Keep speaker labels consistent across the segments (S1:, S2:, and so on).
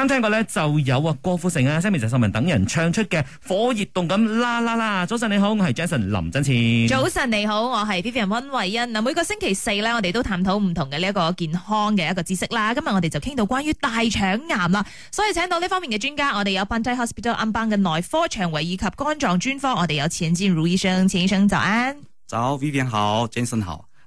S1: 啱聽過咧，就有啊郭富城啊、Sammy 鄭秀文等人唱出嘅火熱動感啦啦啦！早晨你好，我係 Jason 林振前。早
S2: 晨你好，我係 Vivian 溫慧欣。嗱，每個星期四咧，我哋都探討唔同嘅呢一個健康嘅一個知識啦。今日我哋就傾到關於大腸癌啦，所以請到呢方面嘅專家，我哋有 Bandai Hospital 暗幫嘅內科、腸胃以及肝臟專科，我哋有錢建儒醫生，錢醫生就安。
S1: 早，Vivian 好，Jason 好。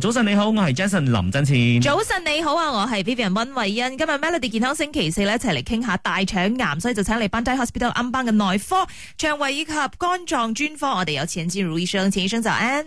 S1: 早晨你好，我係 Jason 林振前。早
S2: 晨你好啊，我係 Vivian 溫慧欣。今日 Melody 健康星期四咧，一齊嚟傾下大腸癌，所以就請嚟班低 d i Hospital 暗班嘅內科、腸胃以及肝臟專科，我哋有錢志儒醫生，錢醫生就安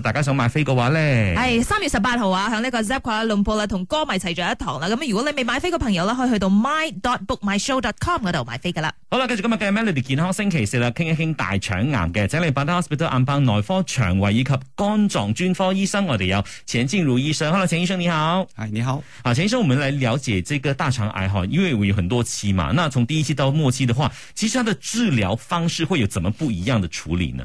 S1: 大家想買飛嘅話咧，係、哎、
S2: 三月十八號啊，響呢個 Zapqua 兩部啦，同歌迷齊咗一堂啦。咁如果你未買飛嘅朋友咧，可以去到 my.bookmyshow.com dot dot 嗰度買飛噶啦。好啦，跟住今日
S1: 嘅 Melody 健康星期四啦，傾一傾大腸癌嘅，請你百德 Hospital 眼科、內科、腸胃以及肝臟專科醫生我哋有錢靜如醫生。Hello，錢醫生你好。哎，你好。Hi, 你好，錢醫生，我們嚟了解這個大腸癌哈，因為會有很多期嘛，那從第一期到末期的話，其實嘅治療方式會有怎麼不一樣的處理呢？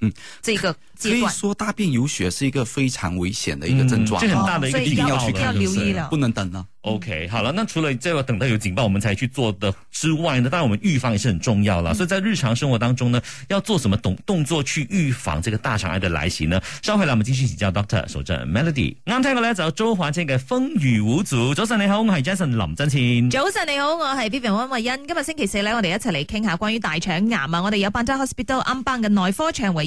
S2: 嗯，這個可以說
S3: 大便有血是一個非常危險的一個症狀，嗯、這很大的一個重點，哦，要，要去看，就是要留意了，不
S1: 能等啦。OK，嗯、好了，那除了這個等到有警報我們才去做的之外呢，當然我們預防也是很重要啦，嗯。所以在日常生活當中呢，要做什麼動動作去預防這個大腸癌的來襲呢？稍後嚟，我哋繼續請教 doctor，早晨 Melody，啱，嗯嗯、聽過呢就周華健嘅風雨無阻。早晨你好，我係 Jason 林振清。早
S2: 晨你好，我係 Vivian 溫慧欣。今日星期四呢，我哋一齊嚟傾下關於大腸癌啊，我哋有班 Hospital 安班嘅內科腸胃。